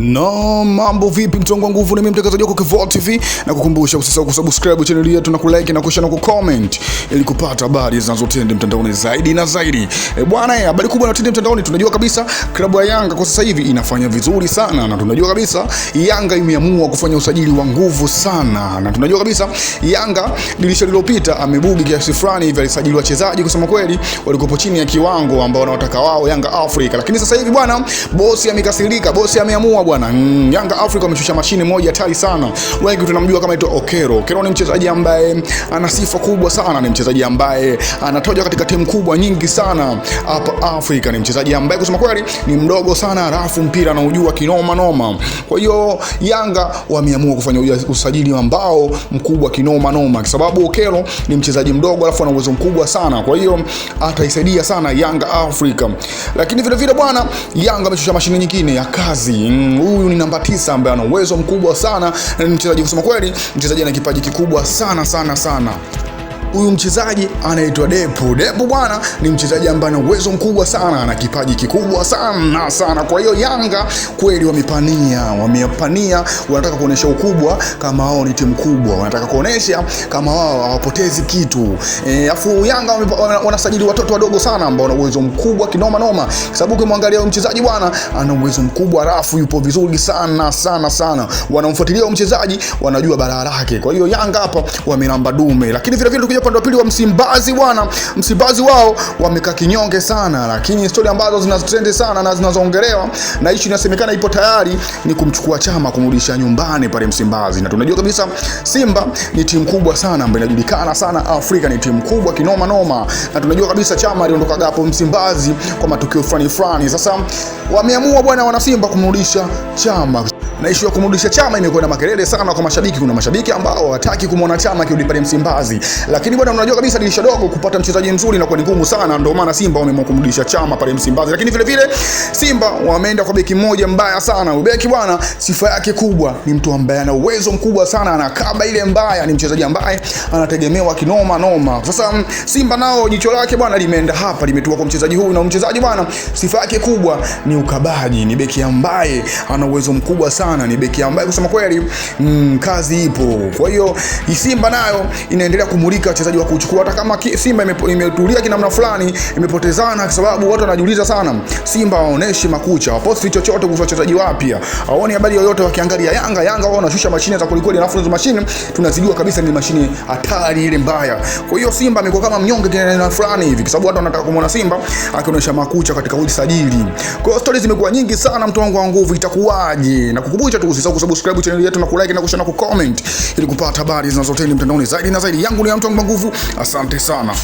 No, mambo vipi mtongo wa nguvu, ni mimi mtangazaji wako Kevoo TV na kukumbusha usisahau kusubscribe channel yetu na kulike na kushare na kucomment ili kupata habari zinazotenda mtandaoni zaidi na zaidi. E bwana, eh, habari kubwa inayotenda mtandaoni, tunajua kabisa klabu ya Yanga kwa sasa hivi inafanya vizuri sana, na tunajua kabisa Yanga imeamua kufanya usajili wa nguvu sana, na tunajua kabisa Yanga dirisha lililopita amebugi kiasi fulani hivi, alisajili wachezaji kusema kweli walikuwa chini ya kiwango ambao wanataka wao Yanga Africa, lakini sasa hivi bwana, bosi amekasirika, bosi ameamua bwana. Mm, Yanga Africa wameshusha mashine moja hatari sana. Wengi tunamjua kama ito Okero. Okero ni mchezaji ambaye ana sifa kubwa sana, ni mchezaji ambaye anatoja katika timu kubwa nyingi sana hapa Afrika. Ni mchezaji ambaye kusema kweli ni mdogo sana, halafu mpira anaujua kinoma noma. Kwa hiyo Yanga wameamua kufanya usajili ambao mkubwa kinoma noma, kwa sababu Okero ni mchezaji mdogo, alafu ana uwezo mkubwa sana, kwa hiyo ataisaidia sana Yanga Africa. Lakini vile vile bwana, Yanga ameshusha mashine nyingine ya kazi mm. Huyu ni namba tisa ambaye ana uwezo mkubwa sana, mchezaji kusema kweli, mchezaji ana kipaji kikubwa sana sana sana huyu mchezaji anaitwa Depu. Depu bwana ni mchezaji ambaye ana uwezo mkubwa sana, ana kipaji kikubwa sana sana. Kwa hiyo Yanga kweli wamepania, wamepania, wanataka kuonesha ukubwa kama wao ni timu kubwa, wanataka kuonesha kama wao hawapotezi kitu. E, afu Yanga wanasajili watoto wadogo sana ambao wana uwezo mkubwa kinoma noma, kwa sababu ukimwangalia mchezaji bwana ana uwezo mkubwa, rafu yupo vizuri sana sana sana, wanamfuatilia mchezaji, wanajua balaa lake. Kwa hiyo Yanga hapa wamenamba dume, lakini vile vile upande wa pili wa Msimbazi bwana, Msimbazi wao wamekaa kinyonge sana, lakini stori ambazo zinatrendi sana na zinazoongelewa na issue inasemekana ipo tayari ni kumchukua Chama kumrudisha nyumbani pale Msimbazi, na tunajua kabisa Simba ni timu kubwa sana ambayo inajulikana sana Afrika, ni timu kubwa kinoma noma, na tunajua kabisa Chama aliondoka hapo Msimbazi kwa matukio fulani fulani. Sasa wameamua bwana, wana Simba kumrudisha Chama na ishu ya kumrudisha Chama imekuwa na makelele sana kwa mashabiki. Kuna mashabiki ambao hawataki kumwona Chama akirudi pale Msimbazi, lakini bwana, unajua kabisa dirisha dogo kupata mchezaji mzuri na kuwa ni ngumu sana, ndio maana Simba wameamua kumrudisha Chama pale Msimbazi. Lakini vile vile Simba wameenda kwa beki mmoja mbaya sana. Ubeki bwana, sifa yake kubwa ni mtu ambaye ana uwezo mkubwa sana, anakaba ile mbaya, ni mchezaji ambaye anategemewa kinoma noma. Sasa mm, Simba nao jicho lake bwana limeenda hapa, limetua kwa mchezaji huyu, na mchezaji bwana, sifa yake kubwa ni ukabaji, ni beki ambaye ana uwezo mkubwa sana sana, ni beki ambaye kusema kweli mm, kazi ipo. Kwa hiyo Simba nayo inaendelea kumulika wachezaji wa kuchukua, hata kama Simba imetulia kinamna fulani, imepotezana kwa sababu watu wanajiuliza sana, Simba waoneshi makucha, waposti chochote kuhusu wachezaji wapya, waone habari yoyote, wakiangalia Yanga. Yanga wao wanashusha mashine za kulikweli, alafu hizo mashine tunazijua kabisa ni mashine hatari ile mbaya. Kwa hiyo Simba amekuwa kama mnyonge kinamna fulani hivi, kwa sababu watu wanataka kumwona Simba akionyesha makucha katika usajili. Kwa hiyo stories zimekuwa nyingi sana, mtu wangu wa nguvu, itakuwaje na kukubali kukumbusha tu usisahau kusubscribe channel yetu na kulike na kushare na kucomment ili kupata habari zinazotendi mtandaoni zaidi na zaidi. Yangu ni mtu nguvu. Asante sana.